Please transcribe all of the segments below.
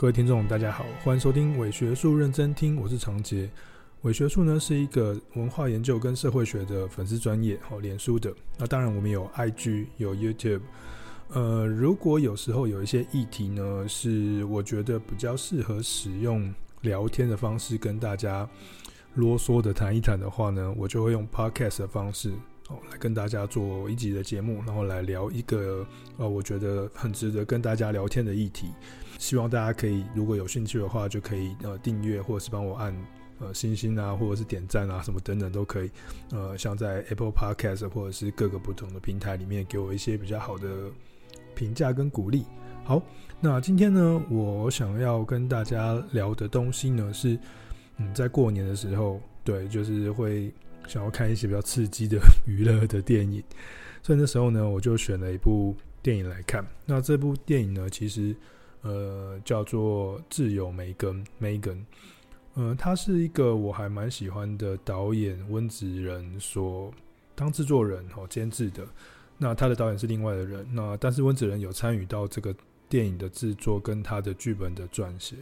各位聽眾，大家好，歡迎收聽偽學術認真聽，我是長潔。偽學術呢是一個文化研究跟社會學的粉絲專頁好臉書的。那當然，我們有 IG，有 YouTube。呃，如果有時候有一些議題呢，是我覺得比較適合使用聊天的方式跟大家囉嗦的談一談的話呢，我就會用 podcast 的方式哦來跟大家做一集的節目，然後來聊一個呃，我覺得很值得跟大家聊天的議題。希望大家可以，如果有興趣的話，就可以呃訂閱或者是幫我按呃星星啊，或者是點讚啊什麼等等都可以。呃，像在 Apple Podcast 或者是各個不同的平台裡面，給我一些比較好的評價跟鼓勵。好，那今天呢，我想要跟大家聊的東西呢是，嗯，在過年的時候，對，就是會想要看一些比較刺激的娛 樂的電影，所以那時候呢，我就選了一部電影來看。那這部電影呢，其實。呃，叫做《窒友梅根》梅根，呃，他是一個我還蠻喜歡的導演溫子仁所當製作人哦，監製的。那他的導演是另外的人，那但是溫子仁有參與到這個電影的製作跟他的劇本的撰寫。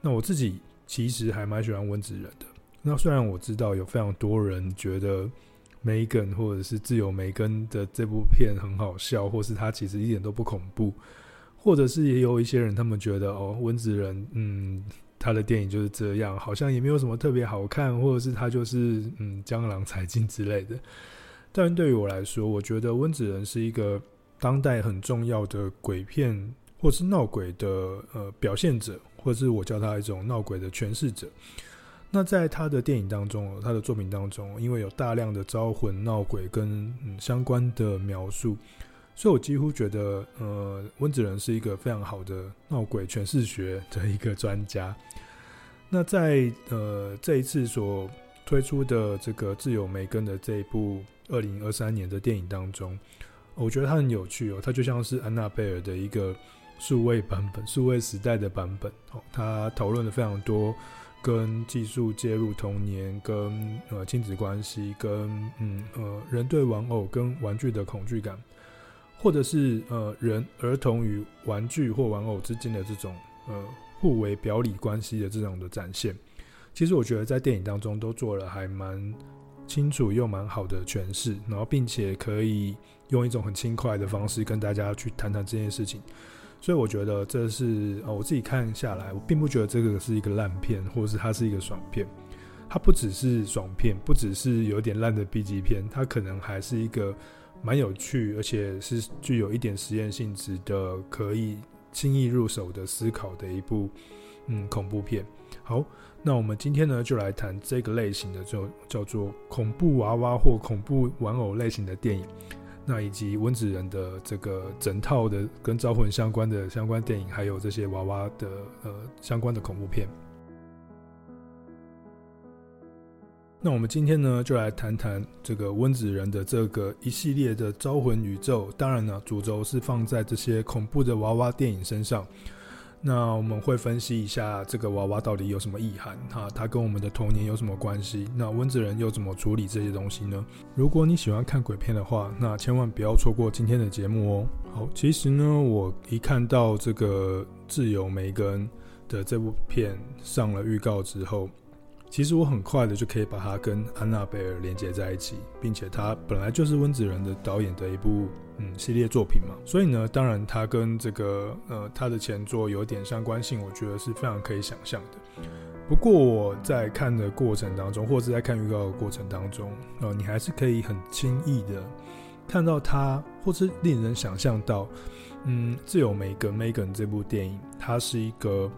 那我自己其實還蠻喜歡溫子仁的。那雖然我知道有非常多人覺得梅根或者是《窒友梅根》的這部片很好笑，或是他其實一點都不恐怖。或者是也有一些人，他們覺得哦，溫子仁，嗯，他的電影就是這樣，好像也沒有什麼特別好看，或者是他就是嗯，江郎才盡之類的。但對於我來說，我覺得溫子仁是一個當代很重要的鬼片或是鬧鬼的呃表現者，或者是我叫他一種鬧鬼的詮釋者。那在他的電影當中，他的作品當中，因為有大量的招魂、鬧鬼跟、嗯、相關的描述。所以，我幾乎覺得，呃，溫子仁是一個非常好的鬧鬼詮釋學的一個專家。那在呃這一次所推出的這個《窒友梅根》的這一部二零二三年的電影當中，我覺得它很有趣哦，它就像是安娜貝爾的一個數位版本、數位時代的版本哦。它討論的非常多，跟技術介入童年、跟呃親子關係、跟嗯呃人對玩偶跟玩具的恐懼感。或者是呃人兒童與玩具或玩偶之間的這種呃互為表裡關係的這種的展現，其實我覺得在電影當中都做了還蠻清楚又蠻好的詮釋，然後並且可以用一種很輕快的方式跟大家去談談這件事情，所以我覺得這是呃我自己看下來，我並不覺得這個是一個爛片，或者是它是一個爽片，它不只是爽片，不只是有點爛的 B 級片，它可能還是一個蠻有趣，而且是具有一點實驗性質的，可以輕易入手的思考的一部嗯恐怖片。好，那我們今天呢就來談這個類型的，就叫做恐怖娃娃或恐怖玩偶類型的電影，那以及溫子仁的這個整套的跟招魂相關的相關電影，還有這些娃娃的呃相關的恐怖片。那我們今天呢，就來談談這個溫子仁的這個一系列的招魂宇宙。當然呢，主軸是放在這些恐怖的娃娃電影身上。那我們會分析一下這個娃娃到底有什麼意涵，哈，它跟我們的童年有什麼關係？那溫子仁又怎麼處理這些東西呢？如果你喜歡看鬼片的話，那千萬不要錯過今天的節目哦。好，其實呢，我一看到這個窒友梅根的這部片上了預告之後。其實我很快的就可以把它跟安娜貝爾連接在一起，並且它本來就是溫子仁的導演的一部嗯系列作品嘛，所以呢，當然它跟這個呃它的前作有點相關性，我覺得是非常可以想象的。不過我在看的過程當中，或者在看預告的過程當中，呃你還是可以很輕易的看到它，或是令人想象到，嗯，窒友梅根 Megan 這部電影，它是一個。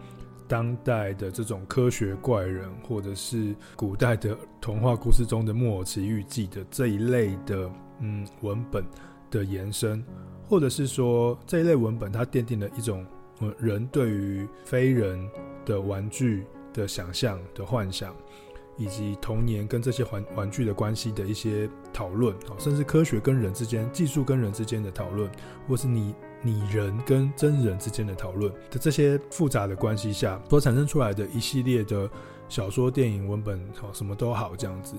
當代的這種科學怪人，或者是古代的童話故事中的木偶奇遇記的這一類的嗯文本的延伸，或者是說這一類文本它奠定了一種、嗯、人對於非人的玩具的想象的幻想，以及童年跟這些玩玩具的關係的一些討論，甚至科學跟人之間、技術跟人之間的討論，或是你擬人跟真人之間的討論的這些複雜的關係下所產生出來的一系列的小說、電影文本，好什麼都好這樣子，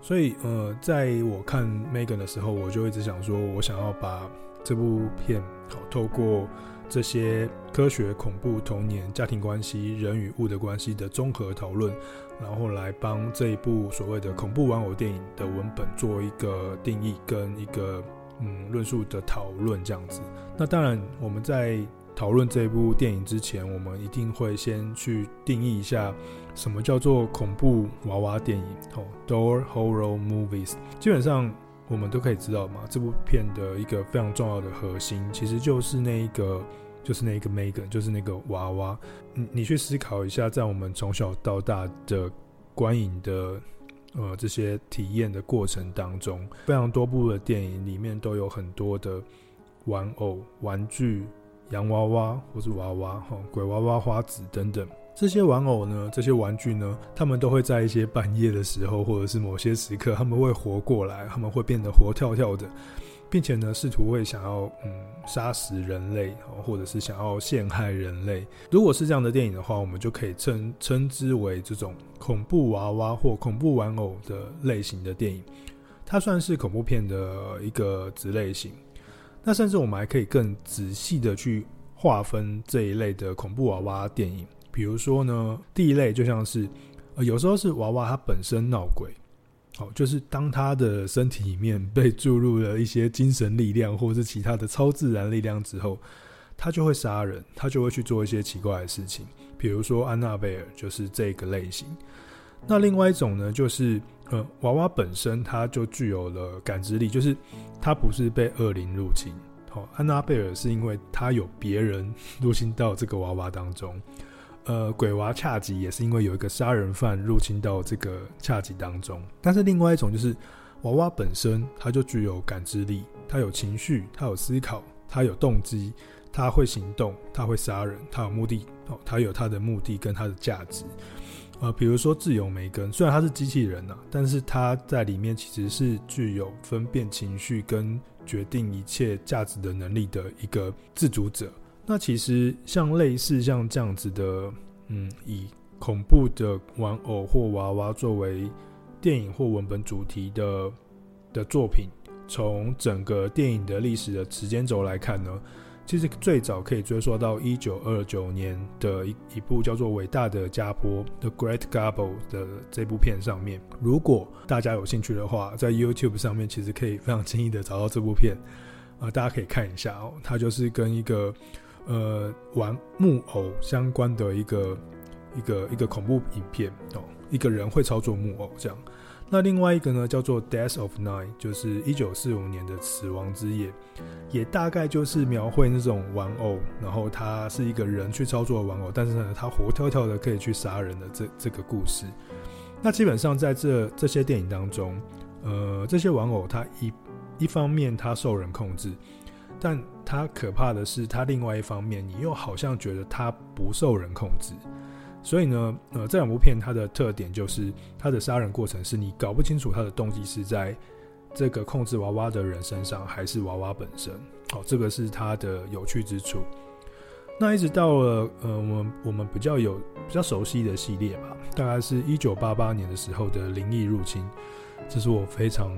所以呃，在我看 Megan 的時候，我就一直想說，我想要把這部片好透過這些科學、恐怖、童年、家庭關係、人與物的關係的綜合討論，然後來幫這一部所謂的恐怖玩偶電影的文本做一個定義跟一個。嗯，論述的討論這樣子。那當然，我們在討論這部電影之前，我們一定會先去定義一下什麼叫做恐怖娃娃電影哦，doll horror movies。基本上，我們都可以知道嘛，這部片的一個非常重要的核心，其實就是那一個，就是那一個 Megan，就是那個娃娃。嗯，你去思考一下，在我們從小到大的觀影的。呃，這些體驗的過程當中，非常多部的電影裡面都有很多的玩偶、玩具、洋娃娃或是娃娃，吼，鬼娃娃花子等等。這些玩偶呢，這些玩具呢，他們都會在一些半夜的時候，或者是某些時刻，他們會活過來，他們會變得活跳跳的。並且呢，試圖會想要嗯殺死人類，或者是想要陷害人類。如果是這樣的電影的話，我們就可以稱稱之為這種恐怖娃娃或恐怖玩偶的類型的電影，它算是恐怖片的一個子類型。那甚至我們還可以更仔細的去劃分這一類的恐怖娃娃電影，比如說呢，第一類就像是，有時候是娃娃它本身鬧鬼。就是當他的身體裡面被注入了一些精神力量，或者是其他的超自然力量之後，他就會殺人，他就會去做一些奇怪的事情。比如說安娜貝爾就是這個類型。那另外一種呢，就是呃娃娃本身它就具有了感知力，就是它不是被惡靈入侵。好，安娜貝爾是因為他有別人入侵到這個娃娃當中。呃，鬼娃恰吉也是因為有一個殺人犯入侵到這個恰吉當中，但是另外一種就是娃娃本身，它就具有感知力，它有情緒，它有思考，它有動機，它會行動，它會殺人，它有目的哦，它有它的目的跟它的價值。呃，比如說窒友梅根，雖然它是機器人啊，但是它在裡面其實是具有分辨情緒跟決定一切價值的能力的一個自主者。那其實像類似像這樣子的，嗯，以恐怖的玩偶或娃娃作為電影或文本主題的的作品，從整個電影的歷史的時間軸來看呢，其實最早可以追溯到一九二九年的一一部叫做《偉大的加坡 The Great Gabbo》的這部片上面。如果大家有興趣的話，在 YouTube 上面其實可以非常輕易的找到這部片，呃，大家可以看一下哦、喔，它就是跟一個。呃，玩木偶相關的一個一個一個恐怖影片哦、喔，一個人會操作木偶這樣。那另外一個呢，叫做《Death of Night》，就是一九四五年的《死亡之夜》，也大概就是描繪那種玩偶，然後他是一個人去操作的玩偶，但是呢，他活跳跳的可以去殺人的這這個故事。那基本上在這這些電影當中，呃，這些玩偶它一一方面它受人控制，但。他可怕的是，他另外一方面，你又好像覺得他不受人控制。所以呢，呃，這兩部片它的特點就是它的殺人過程是你搞不清楚它的動機是在這個控制娃娃的人身上，還是娃娃本身。好、哦，這個是它的有趣之處。那一直到了呃，我們我們比較有比較熟悉的系列吧，大概是一九八八年的時候的《靈異入侵》，這是我非常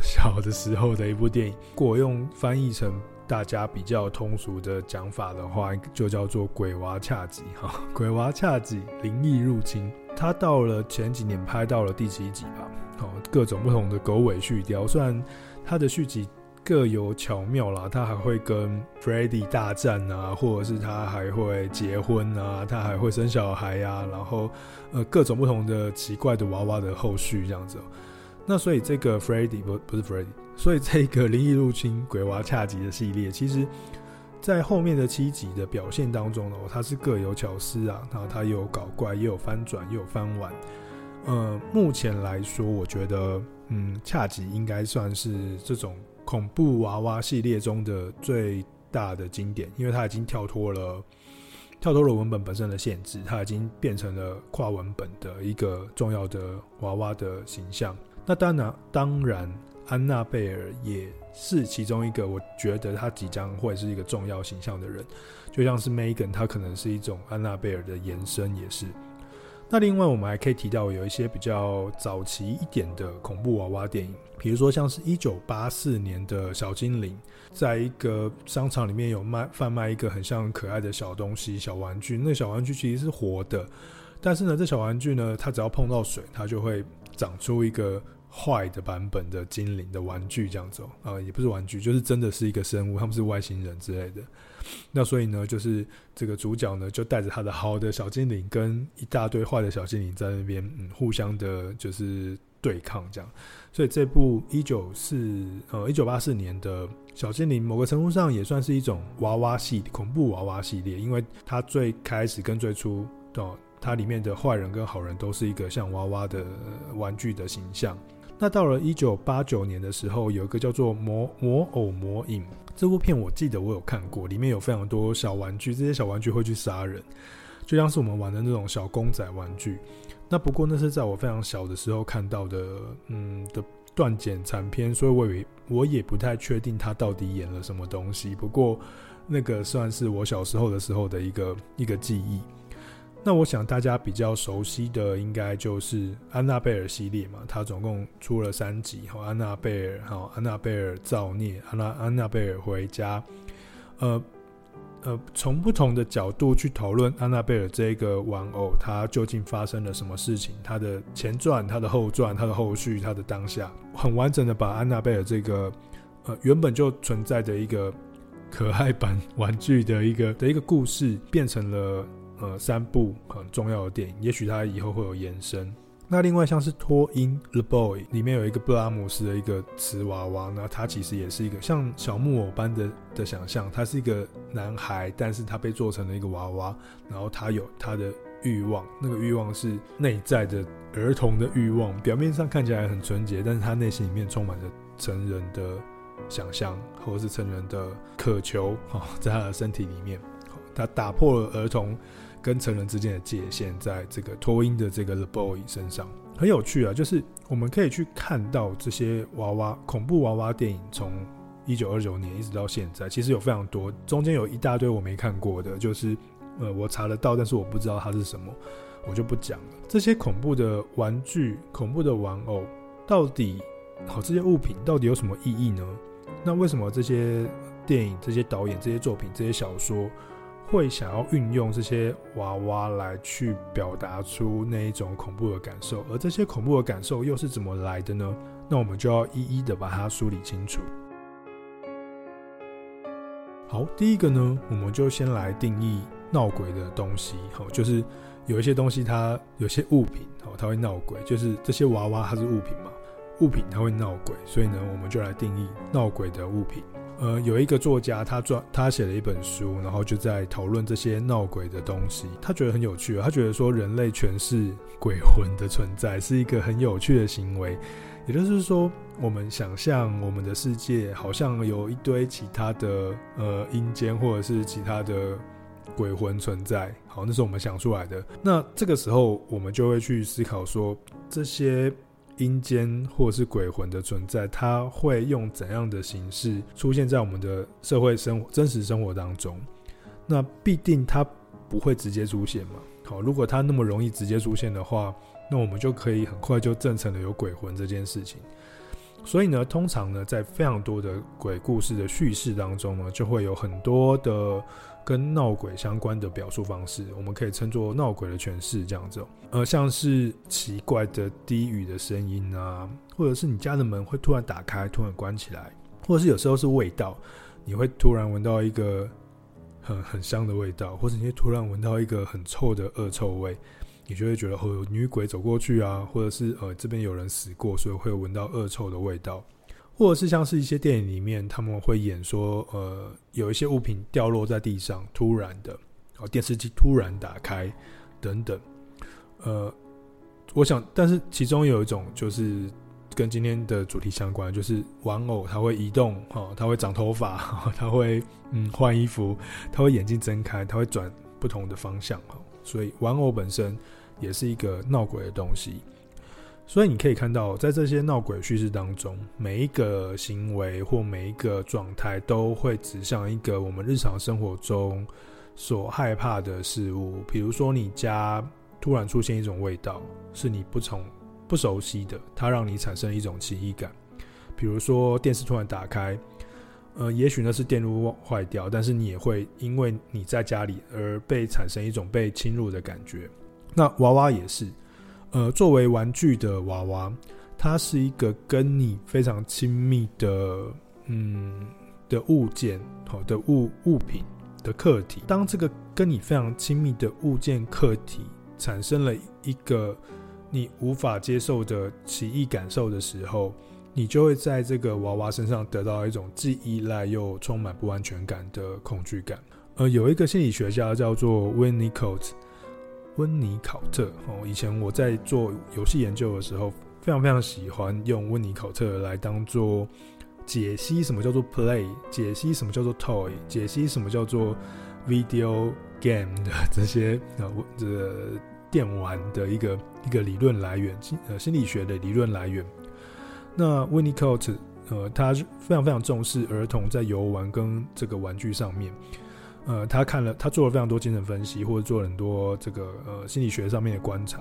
小的時候的一部電影。如果用翻譯成。大家比較通俗的講法的話，就叫做鬼《鬼娃恰吉》哈，《鬼娃恰吉》靈異入侵。他到了前幾年拍到了第七集吧，好，各種不同的狗尾續貂。雖然他的續集各有巧妙啦，他還會跟 Freddy 大戰啊，或者是他還會結婚啊，他還會生小孩呀、啊，然後呃，各種不同的奇怪的娃娃的後續這樣子。那所以這個 Freddy 不不是 Freddy 所以這個靈異入侵鬼娃恰吉的系列，其實，在後面的七集的表現當中呢，它是各有巧思啊，然後它有搞怪，也有翻轉，也有翻玩。呃，目前來說，我覺得，嗯，恰吉應該算是這種恐怖娃娃系列中的最大的經典，因為它已經跳脫了跳脫了文本本身的限制，它已經變成了跨文本的一個重要的娃娃的形象。那當然，當然。安娜貝爾也是其中一個，我覺得他即將會是一個重要形象的人，就像是 Megan，他可能是一種安娜貝爾的延伸，也是。那另外，我們還可以提到有一些比較早期一點的恐怖娃娃電影，比如說像是一九八四年的《小精靈》，在一個商場裡面有賣販賣一個很像可愛的小東西、小玩具，那小玩具其實是活的，但是呢，這小玩具呢，它只要碰到水，它就會長出一個。壞的版本的精靈的玩具這樣子啊、哦呃，也不是玩具，就是真的是一個生物，他們是外星人之類的。那所以呢，就是這個主角呢就帶着他的好的小精靈，跟一大堆壞的小精靈在那邊嗯互相的，就是對抗這樣。所以這部一九四呃一九八四年的小精靈，某個程度上也算是一種娃娃系列，恐怖娃娃系列，因為它最開始跟最初哦，它裡面的壞人跟好人都是一個像娃娃的、呃、玩具的形象。那到了一九八九年的時候，有一個叫做《魔魔偶魔影》這部片，我記得我有看過，裡面有非常多小玩具，這些小玩具會去殺人，就像是我們玩的那種小公仔玩具。那不過那是在我非常小的時候看到的，嗯的斷簡殘篇，所以我也我也不太確定他到底演了什麼東西。不過那個算是我小時候的時候的一個一個記憶。那我想大家比較熟悉的應該就是安娜貝爾系列嘛，它總共出了三集，安娜貝爾，安娜貝爾造孽，安娜安娜貝爾回家，呃呃，從不同的角度去討論安娜貝爾這個玩偶，它究竟發生了什麼事情？它的前傳、它的後傳、它的後續、它的當下，很完整的把安娜貝爾這個呃原本就存在的一個可愛版玩具的一個的一個故事變成了。呃、嗯，三部很重要的電影，也許它以後會有延伸。那另外像是《托嬰 The Boy》裡面有一個布拉姆斯的一個瓷娃娃，那他其實也是一個像小木偶般的的想象。他是一個男孩，但是他被做成了一個娃娃，然後他有他的欲望，那個欲望是內在的兒童的欲望，表面上看起來很純潔，但是他內心裡面充滿着成人的想象或者是成人的渴求，在他的身體裡面，他打破了兒童。跟成人之間的界限，在這個托音的這個 The Boy 身上很有趣啊，就是我們可以去看到這些娃娃、恐怖娃娃電影，從一九二九年一直到現在，其實有非常多，中間有一大堆我沒看過的，就是呃，我查得到，但是我不知道它是什麼，我就不講了。這些恐怖的玩具、恐怖的玩偶，到底好、啊、這些物品到底有什麼意義呢？那為什麼這些電影、這些導演、這些作品、這些小說？會想要運用這些娃娃來去表達出那一種恐怖的感受，而這些恐怖的感受又是怎麼來的呢？那我們就要一一的把它梳理清楚。好，第一個呢，我們就先來定義鬧鬼的東西。好，就是有一些東西，它有些物品，好，它會鬧鬼。就是這些娃娃，它是物品嘛，物品它會鬧鬼，所以呢，我們就來定義鬧鬼的物品。呃，有一個作家他轉，他撰，他寫了一本書，然後就在討論這些鬧鬼的東西。他覺得很有趣，哦，他覺得說人類詮釋鬼魂的存在是一個很有趣的行為，也就是說，我們想象我們的世界好像有一堆其他的呃陰間或者是其他的鬼魂存在。好，那是我們想出來的。那這個時候，我們就會去思考說這些。陰間或是鬼魂的存在，它會用怎樣的形式出現在我們的社會生活、真實生活當中？那必定它不會直接出現嘛。好，如果它那麼容易直接出現的話，那我們就可以很快就證成了有鬼魂這件事情。所以呢，通常呢，在非常多的鬼故事的敘事當中呢，就會有很多的。跟鬧鬼相關的表述方式，我們可以稱作鬧鬼的詮釋這樣子。呃，像是奇怪的低語的聲音啊，或者是你家的門會突然打開、突然關起來，或者是有時候是味道，你會突然聞到一個很很香的味道，或者你會突然聞到一個很臭的惡臭味，你就會覺得哦，有女鬼走過去啊，或者是呃這邊有人死過，所以會聞到惡臭的味道。或者是像是一些電影裡面他們會演說，呃，有一些物品掉落在地上，突然的，哦，電視機突然打開，等等，呃，我想，但是其中有一種就是跟今天的主題相關，就是玩偶它會移動，哈，它會長頭髮，哈，它會嗯換衣服，它會眼睛睜開，它會轉不同的方向，哈，所以玩偶本身也是一個鬧鬼的東西。所以你可以看到，在這些鬧鬼敘事當中，每一個行為或每一個狀態都會指向一個我們日常生活中所害怕的事物。比如說，你家突然出現一種味道，是你不從不熟悉的，它讓你產生一種奇異感。比如說，電視突然打開，呃，也許那是電路壞掉，但是你也會因為你在家裡而被產生一種被侵入的感覺。那娃娃也是。呃，作為玩具的娃娃，它是一個跟你非常親密的，嗯，的物件，好的物、物品的客體。當這個跟你非常親密的物件客體產生了一個你無法接受的奇異感受的時候，你就會在這個娃娃身上得到一種既依賴又充滿不安全感的恐懼感。呃，有一個心理學家叫做 Winnicott 溫尼考特哦，以前我在做遊戲研究的時候，非常非常喜歡用溫尼考特來當做解析什麼叫做 play，解析什麼叫做 toy，解析什麼叫做 video game 的這些呃這、呃、電玩的一個一個理論來源，心呃心理學的理論來源。那溫尼考特呃，他非常非常重視兒童在遊玩跟這個玩具上面。呃，他看了，他做了非常多精神分析，或者做了很多這個呃心理學上面的觀察。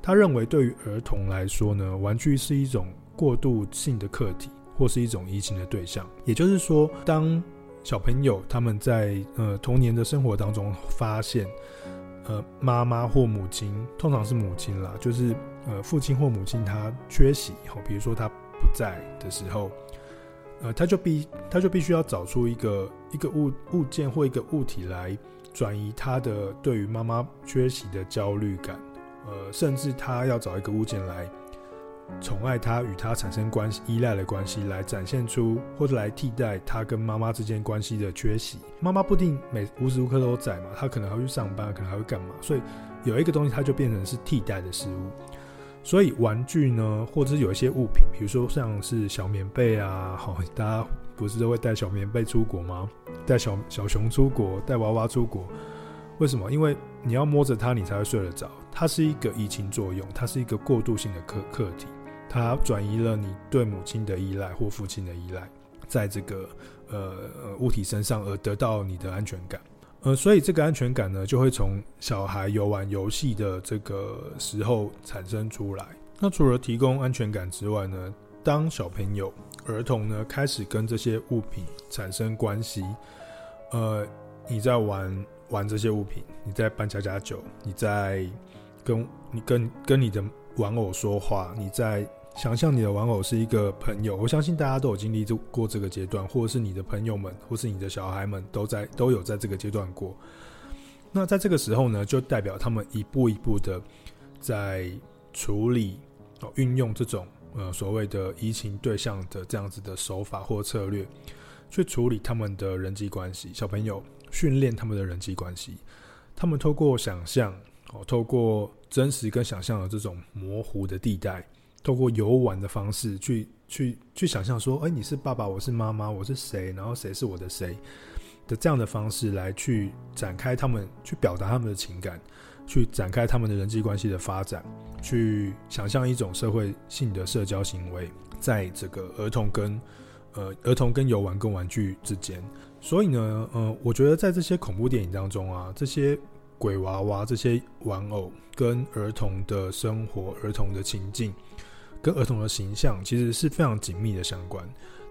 他認為，對於兒童來說呢，玩具是一種過渡性的客體，或是一種移情的對象。也就是說，當小朋友他們在呃童年的生活當中發現，呃，媽媽或母親，通常是母親啦，就是呃父親或母親他缺席後，比如說他不在的時候。呃，他就必他就必須要找出一個一個物物件或一個物體來轉移他的對於媽媽缺席的焦慮感，呃，甚至他要找一個物件來寵愛他，與他產生關係，依賴的關係，來展現出或者來替代他跟媽媽之間關係的缺席。媽媽不定每無時無刻都在嘛，他可能還會去上班，可能還會幹嘛，所以有一個東西，他就變成是替代的事物。所以玩具呢，或者是有一些物品，比如說像是小棉被啊，好，大家不是都會帶小棉被出國嗎？帶小小熊出國，帶娃娃出國，為什麼？因為你要摸着它，你才會睡得着。它是一個移情作用，它是一個過渡性的客客體，它轉移了你對母親的依賴或父親的依賴，在這個呃，呃物體身上而得到你的安全感。呃，所以這個安全感呢，就會從小孩遊玩遊戲的這個時候產生出來。那除了提供安全感之外呢，當小朋友、兒童呢開始跟這些物品產生關係，呃，你在玩玩這些物品，你在扮家家酒，你在跟你跟跟你的玩偶說話，你在。想象你的玩偶是一個朋友，我相信大家都有經歷過這個階段，或者是你的朋友們，或是你的小孩們都在都有在這個階段過。那在這個時候呢，就代表他們一步一步的在處理哦，運用這種呃所謂的移情對象的這樣子的手法或策略，去處理他們的人際關係。小朋友訓練他們的人際關係，他們透過想象哦，透過真實跟想象的這種模糊的地帶。透過遊玩的方式去去去想象說，哎，你是爸爸，我是媽媽，我是誰？然後誰是我的誰？的這樣的方式來去展開他們去表達他們的情感，去展開他們的人際關係的發展，去想象一種社會性的社交行為，在這個兒童跟呃兒童跟遊玩跟玩具之間。所以呢，呃，我覺得在這些恐怖電影當中啊，這些鬼娃娃、這些玩偶跟兒童的生活、兒童的情境。跟兒童的形象，其實是非常緊密的相關，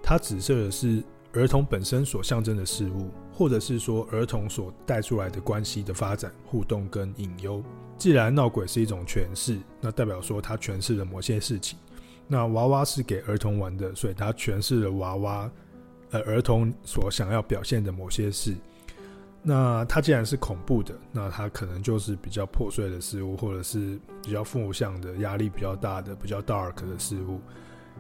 它指涉的是兒童本身所象徵的事物，或者是說兒童所帶出來的關係的發展、互動跟隱憂。既然鬧鬼是一種詮釋，那代表說它詮釋了某些事情。那娃娃是給兒童玩的，所以它詮釋了娃娃，呃，兒童所想要表現的某些事。那它既然是恐怖的，那它可能就是比較破碎的事物，或者是比較負向的、壓力比較大的、比較 dark 的事物。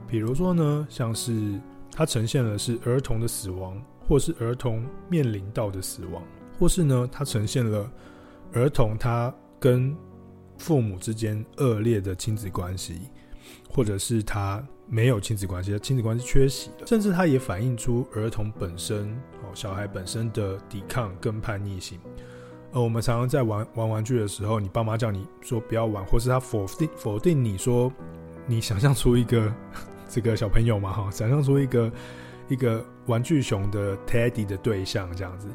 比如說呢，像是它呈現了是兒童的死亡，或是兒童面臨到的死亡，或是呢，它呈現了兒童他跟父母之間惡劣的親子關係，或者是他，沒有親子關係，親子關係缺席了，甚至它也反映出兒童本身哦，小孩本身的抵抗跟叛逆性。而我們常常在玩玩玩具的時候，你爸媽叫你說不要玩，或是他否定否定你說，你想象出一個這個小朋友嘛哈，想象出一個一個玩具熊的 teddy 的對象這樣子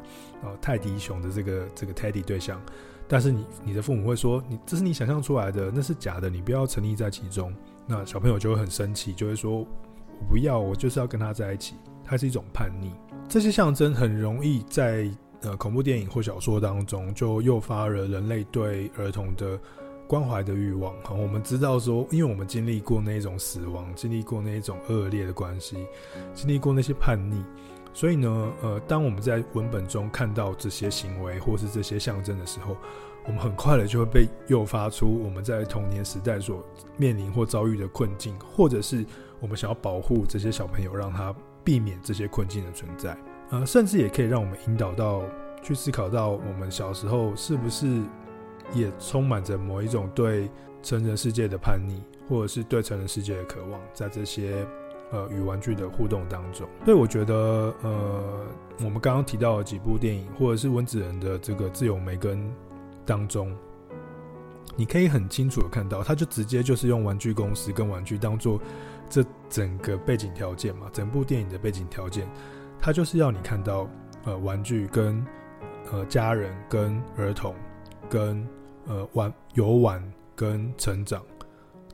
啊，泰迪熊的這個這個 teddy 對象，但是你你的父母會說，你這是你想象出來的，那是假的，你不要沉溺在其中。那小朋友就會很生氣，就會說我不要，我就是要跟他在一起。它是一種叛逆，這些象徵很容易在呃恐怖電影或小說當中就誘發了人類對兒童的關懷的欲望。哈，我們知道說，因為我們經歷過那種死亡，經歷過那種惡劣的關係，經歷過那些叛逆，所以呢，呃，當我們在文本中看到這些行為或是這些象徵的時候。我們很快的就會被誘發出我們在童年時代所面臨或遭遇的困境，或者是我們想要保護這些小朋友，讓他避免這些困境的存在。呃，甚至也可以讓我們引導到去思考到我們小時候是不是也充滿着某一種對成人世界的叛逆，或者是對成人世界的渴望，在這些呃與玩具的互動當中。所以我覺得，呃，我們剛剛提到的幾部電影，或者是溫子仁的這個《窒友梅根》。當中，你可以很清楚的看到，他就直接就是用玩具公司跟玩具當做這整個背景條件嘛，整部電影的背景條件，它就是要你看到，呃，玩具跟呃家人跟兒童跟呃玩遊玩跟成長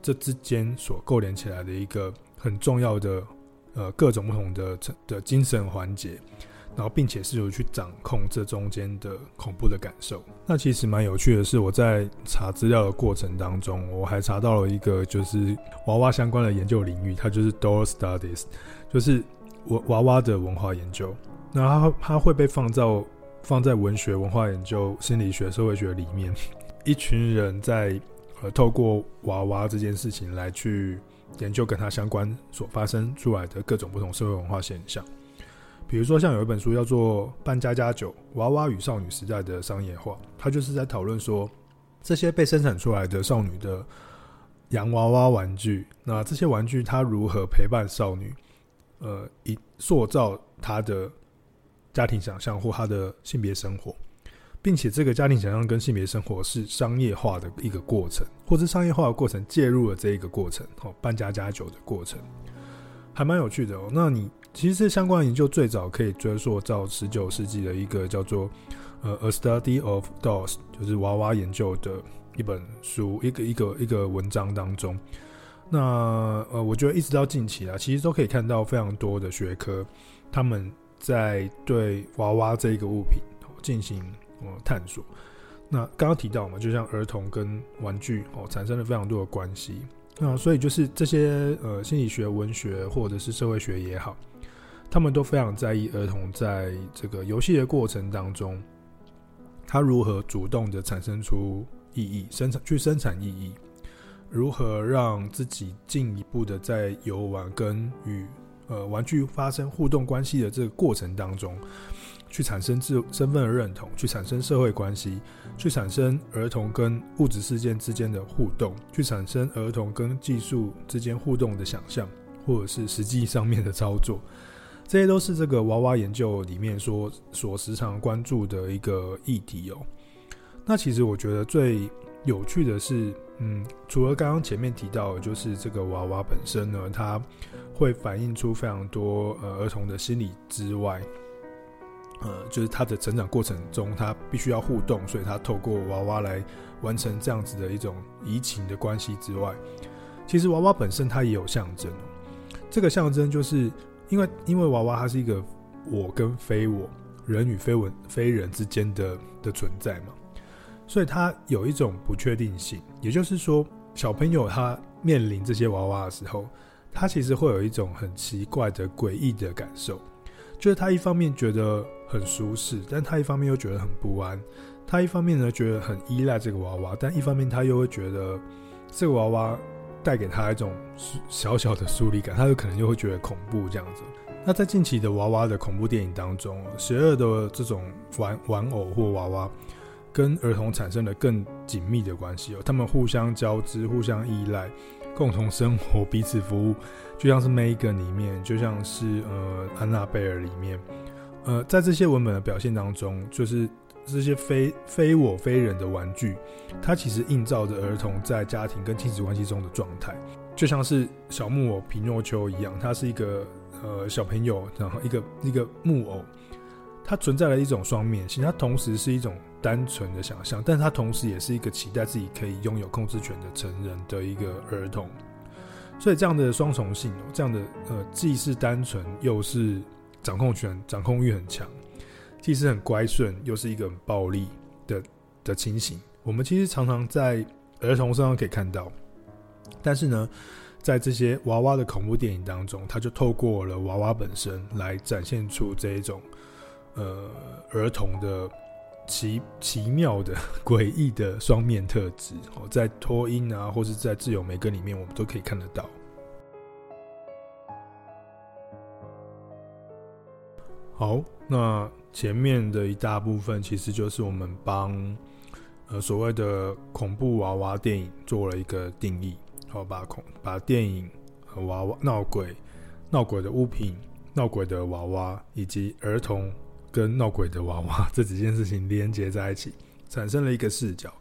這之間所構連起來的一個很重要的呃各種不同的的精神環節。然後，並且是有去掌控這中間的恐怖的感受。那其實蠻有趣的是，我在查資料的過程當中，我還查到了一個就是娃娃相關的研究領域，它就是 Doll Studies，就是我娃娃的文化研究。那它它會被放到放在文學、文化研究、心理學、社會學裡面，一群人在呃透過娃娃這件事情來去研究跟它相關所發生出來的各種不同社會文化現象。比如說，像有一本書叫做《扮家家酒：娃娃與少女時代的商業化》，它就是在討論說，這些被生產出來的少女的洋娃娃玩具，那這些玩具它如何陪伴少女，呃，以塑造她的家庭想象或她的性別生活，並且這個家庭想象跟性別生活是商業化的一個過程，或是商業化的過程介入了這一個過程，哦，扮家家酒的過程，還蠻有趣的哦。那你。其實這相關研究最早可以追溯到十九世紀的一個叫做呃《A Study of Dolls》就是娃娃研究的一本書，一個一個一個文章當中。那呃，我覺得一直到近期啊，其實都可以看到非常多的學科他們在對娃娃這一個物品進行哦、呃、探索。那剛剛提到嘛，就像兒童跟玩具哦、呃、產生了非常多的關係啊、呃，所以就是這些呃心理學、文學或者是社會學也好。他們都非常在意兒童在這個遊戲的過程當中，他如何主動的產生出意義，生產去生產意義，如何讓自己進一步的在遊玩跟與呃玩具發生互動關係的這個過程當中，去產生自身份的認同，去產生社會關係，去產生兒童跟物質世界之間的互動，去產生兒童跟技術之間互動的想象，或者是實際上面的操作。這些都是這個娃娃研究裡面所所時常關注的一個議題哦。那其實我覺得最有趣的是，嗯，除了剛剛前面提到的，就是這個娃娃本身呢，它會反映出非常多呃兒童的心理之外，呃，就是他的成長過程中，他必須要互動，所以他透過娃娃來完成這樣子的一種移情的關係之外，其實娃娃本身它也有象徵哦，這個象徵就是。因為，因為娃娃它是一個我跟非我、人與非文、非人之間的的存在嘛，所以它有一種不確定性。也就是說，小朋友他面臨這些娃娃的時候，他其實會有一種很奇怪的、詭異的感受，就是他一方面覺得很舒適，但他一方面又覺得很不安；他一方面呢覺得很依賴這個娃娃，但一方面他又會覺得這個娃娃。帶給他一種小小的疏離感，他就可能就會覺得恐怖這樣子。那在近期的娃娃的恐怖電影當中，邪惡的這種玩玩偶或娃娃跟兒童產生了更緊密的關係哦，他們互相交織、互相依賴、共同生活、彼此服務，就像是《M3gan》裡面，就像是呃《安娜貝爾》裡面，呃，在這些文本的表現當中，就是。這些非非我非人的玩具，它其實映照着兒童在家庭跟親子關係中的狀態，就像是小木偶皮諾丘一樣，它是一個呃小朋友，然後一個一個木偶，它存在了一種雙面性，它同時是一種單純的想象，但它同時也是一個期待自己可以擁有控制權的成人的一個兒童，所以這樣的雙重性，這樣的呃既是單純，又是掌控權，掌控慾很強。其實很乖順，又是一個很暴力的的情形，我們其實常常在兒童身上可以看到，但是呢，在這些娃娃的恐怖電影當中，他就透過了娃娃本身來展現出這一種呃兒童的奇奇妙的詭異的雙面特質。哦，在《脫音》啊，或是在《窒友梅根》裡面，我們都可以看得到。好，那。前面的一大部分其實就是我們幫呃所謂的恐怖娃娃電影做了一個定義，好，把恐把電影和娃娃鬧鬼、鬧鬼的物品、鬧鬼的娃娃以及兒童跟鬧鬼的娃娃這幾件事情連接在一起，產生了一個視角。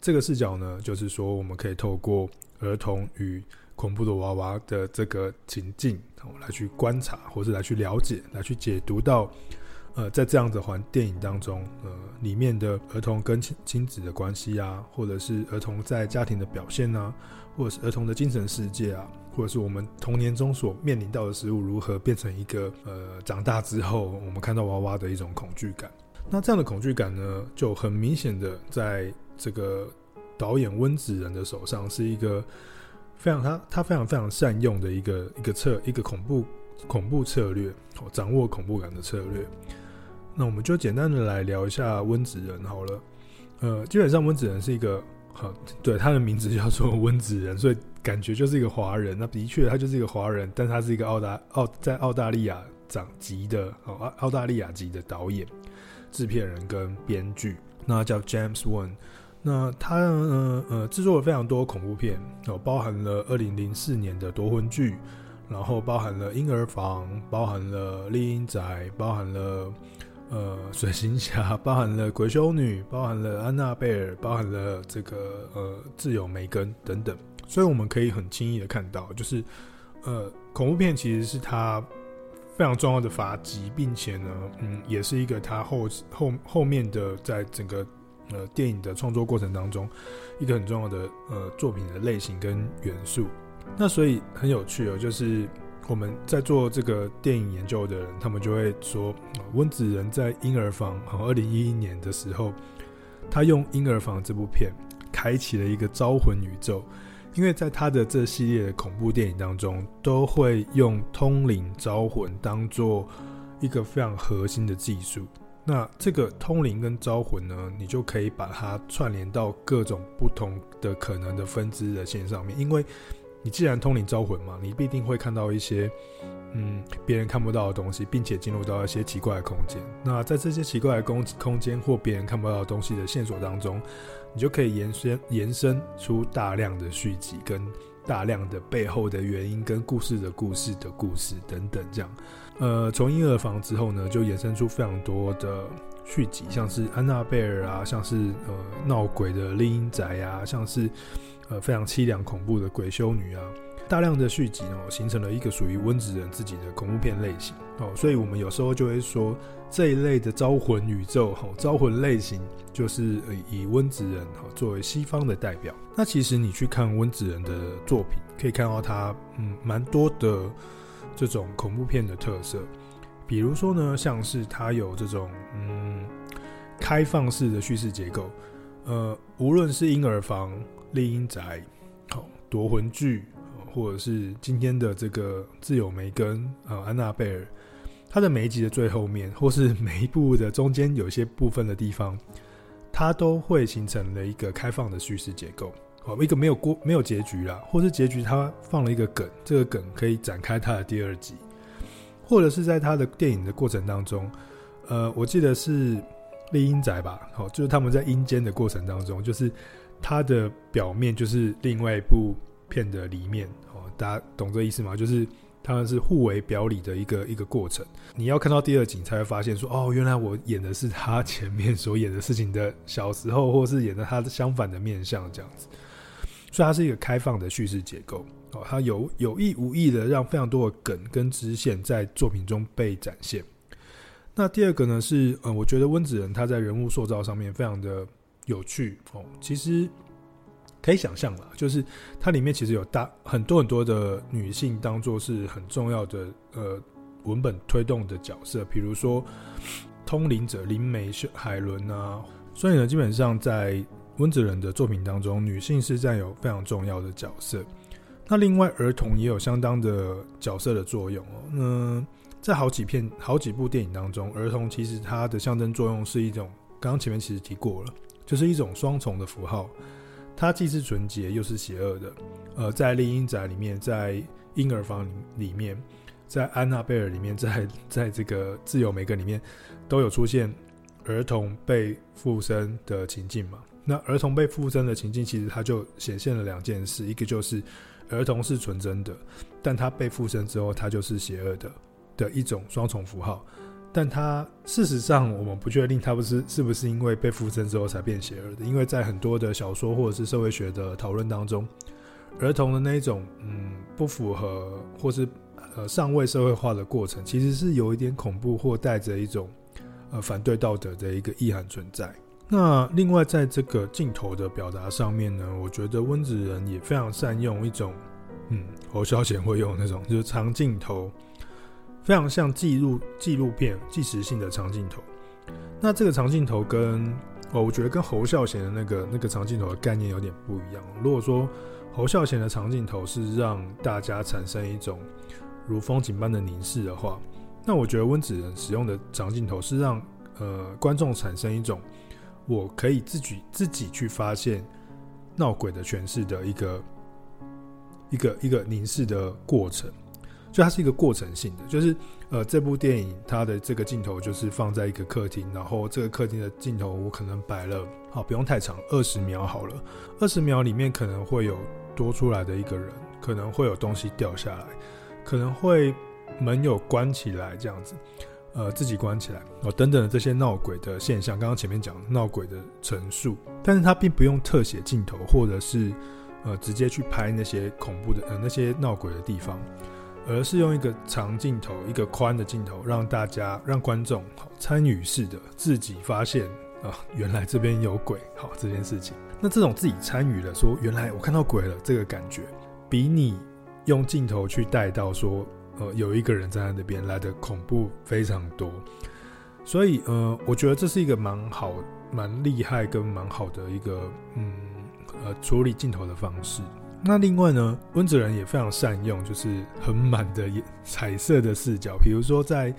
這個視角呢，就是說我們可以透過兒童與恐怖的娃娃的這個情境來去觀察，或者是來去了解，來去解讀到。呃，在這樣的環電影當中，呃，裡面的兒童跟親親子的關係啊，或者是兒童在家庭的表現啊，或者是兒童的精神世界啊，或者是我們童年中所面臨到的事物如何變成一個呃，長大之後我們看到娃娃的一種恐懼感。那這樣的恐懼感呢，就很明顯的在這個導演溫子仁的手上是一個非常他他非常非常善用的一個一個策一個恐怖恐怖策略，哦，掌握恐怖感的策略。那我們就簡單的來聊一下溫子仁好了，呃，基本上溫子仁是一個，好，對，他的名字叫做溫子仁，所以感覺就是一個華人。那的確，他就是一個華人，但他是一個澳大澳在澳大利亞長籍的澳澳大利亞籍的導演、製片人跟編劇。那叫 James Wan，那他呢，呃，製作了非常多恐怖片哦，包含了二零零四年的奪魂鋸，然後包含了陰兒房，包含了厲陰宅，包含了。呃，水行俠包含了鬼修女，包含了安娜貝爾，包含了這個呃窒友梅根等等，所以我們可以很輕易的看到，就是呃恐怖片其實是它非常重要的發跡，並且呢，嗯，也是一個它後後後面的在整個呃電影的創作過程當中一個很重要的呃作品的類型跟元素。那所以很有趣哦，就是。我們在做這個電影研究的人，他們就會說，溫子仁在《嬰兒房》和二零一一年的時候，他用《嬰兒房》這部片開啟了一個招魂宇宙，因為在他的這系列的恐怖電影當中，都會用通靈招魂當做一個非常核心的技術。那這個通靈跟招魂呢，你就可以把它串聯到各種不同的可能的分支的線上面，因為。你既然通靈招魂嘛，你必定會看到一些嗯別人看不到的東西，並且進入到一些奇怪的空間。那在這些奇怪的空空間或別人看不到的東西的線索當中，你就可以延伸延伸出大量的續集跟大量的背後的原因跟故事的故事的故事等等這樣。呃，從陰兒房之後呢，就延伸出非常多的續集，像是安娜貝爾啊，像是呃鬧鬼的厲陰宅啊，像是。非常淒涼、恐怖的鬼修女啊，大量的續集哦，形成了一個屬於溫子仁自己的恐怖片類型哦，所以我們有時候就會說這一類的招魂宇宙、吼，招魂類型，就是以溫子仁作為西方的代表。那其實你去看溫子仁的作品，可以看到他嗯蠻多的這種恐怖片的特色，比如說呢，像是他有這種嗯開放式的敘事結構，呃，無論是嬰兒房。《厲陰宅》，奪魂鋸，或者是今天的這個《窒友梅根》啊，《安娜貝爾》，它的每一集的最後面，或是每一部的中間，有一些部分的地方，它都會形成了一個開放的敘事結構，好，一個沒有過沒有結局啦，或是結局它放了一個梗，這個梗可以展開它的第二集，或者是在他的電影的過程當中，呃，我記得是《厲陰宅》吧，好，就是他們在陰間的過程當中，就是。它的表面就是另外一部片的裡面哦，大家懂這意思嗎？就是他們是互為表裡的一個一個過程。你要看到第二集才會發現說哦，原來我演的是他前面所演的事情的小時候，或是演的他的相反的面向這樣子。所以它是一個開放的敘事結構哦，它有有意無意的讓非常多的梗跟支線在作品中被展現。那第二個呢是嗯、呃，我覺得溫子仁他在人物塑造上面非常的。有趣哦，其實可以想象啦，就是它裡面其實有大很多很多的女性當做是很重要的呃文本推動的角色，比如說通靈者靈媒海倫啊，所以呢，基本上在溫子仁的作品當中，女性是佔有非常重要的角色。那另外兒童也有相當的角色的作用哦。那、呃、在好幾片好幾部電影當中，兒童其實它的象徵作用是一種，剛前面其實提過了。就是一種雙重的符號，它既是純潔又是邪惡的。呃，在《厲陰宅》裡面，在嬰兒房裡面，在安娜貝爾裡面，在在這個窒友梅根裡面，都有出現兒童被附身的情境嘛。那兒童被附身的情境，其實它就顯現了兩件事：一個就是兒童是純真的，但他被附身之後，他就是邪惡的的一種雙重符號。但他事實上，我們不確定他不是是不是因為被附身之後才變邪惡的，因為在很多的小說或者是社會學的討論當中，兒童的那一種嗯不符合或是呃尚未社會化的過程，其實是有一點恐怖或帶着一種呃反對道德的一個意涵存在。那另外在這個鏡頭的表達上面呢，我覺得溫子仁也非常善用一種嗯侯孝賢會用那種就是長鏡頭。非常像紀錄紀錄片紀實性的長鏡頭，那這個長鏡頭跟哦，我覺得跟侯孝賢的那個那個長鏡頭的概念有點不一樣。如果說侯孝賢的長鏡頭是讓大家產生一種如風景般的凝視的話，那我覺得溫子仁使用的長鏡頭是讓呃觀眾產生一種我可以自己自己去發現鬧鬼的詮釋的一個一個一個凝視的過程。就它是一個過程性的，就是呃，這部電影它的這個鏡頭就是放在一個客廳，然後這個客廳的鏡頭我可能擺了，好不用太長，二十秒好了。二十秒裡面可能會有多出來的一個人，可能會有東西掉下來，可能會門有關起來這樣子，呃，自己關起來哦等等的這些鬧鬼的現象。剛剛前面講鬧鬼的陳述，但是它並不用特寫鏡頭，或者是呃直接去拍那些恐怖的呃那些鬧鬼的地方。而是用一個長鏡頭，一個寬的鏡頭，讓大家讓觀眾參與式的自己發現啊，原來這邊有鬼。好，這件事情，那這種自己參與的說，原來我看到鬼了，這個感覺，比你用鏡頭去帶到說，呃，有一個人站在那邊來的恐怖非常多。所以，呃，我覺得這是一個蠻好、蠻厲害跟蠻好的一個，嗯，呃，處理鏡頭的方式。那另外呢，溫子仁也非常善用，就是很滿的彩色的視角。比如說在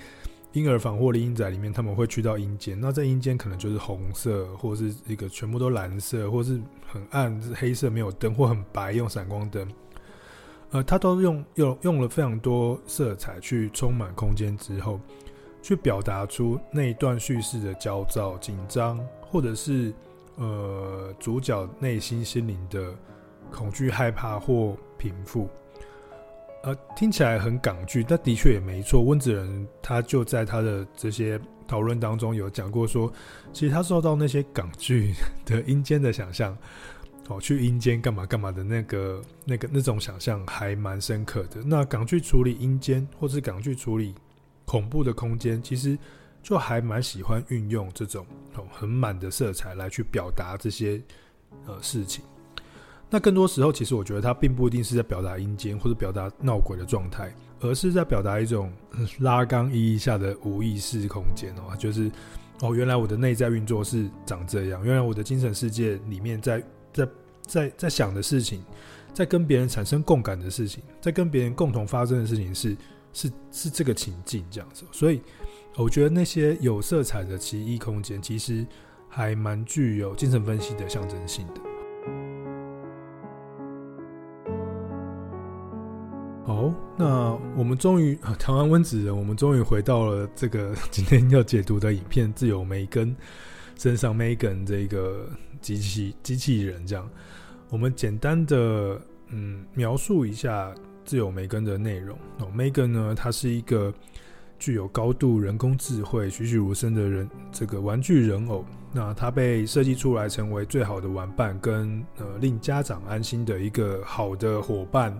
嬰兒房或者陰宅裡面，他們會去到陰間。那在陰間可能就是紅色，或是一個全部都藍色，或是很暗是黑色，沒有燈，或很白用閃光燈。呃，他都用用用了非常多色彩去充滿空間之後，去表達出那一段敘事的焦躁、緊張，或者是呃主角內心心靈的。恐懼、害怕或貧富，呃，聽起來很港劇，但的確也沒錯。溫子仁他就在他的這些討論當中有講過說，說其實他受到那些港劇的陰間的想象，哦，去陰間幹嘛幹嘛的那個、那個、那種想象還蠻深刻的。那港劇處理陰間，或是港劇處理恐怖的空間，其實就還蠻喜歡運用這種，哦，很滿的色彩來去表達這些呃事情。那更多時候，其實我覺得它並不一定是在表達陰間或者表達鬧鬼的狀態，而是在表達一種拉岡意義下的無意識空間哦，就是哦，原來我的內在運作是長這樣，原來我的精神世界裡面在在在在，在想的事情，在跟別人產生共感的事情，在跟別人共同發生的事情是是是這個情境這樣子，哦，所以、哦、我覺得那些有色彩的奇異空間，其實還蠻具有精神分析的象徵性的。好、哦，那我們終於談完溫子仁，我們終於回到了這個今天要解讀的影片《窒友梅根》身上，梅根這個機器機器人。這樣，我們簡單的嗯描述一下《窒友梅根》的內容。哦，梅根呢，它是一個具有高度人工智慧、栩栩如生的人，這個玩具人偶。那它被設計出來成為最好的玩伴，跟呃令家長安心的一個好的夥伴。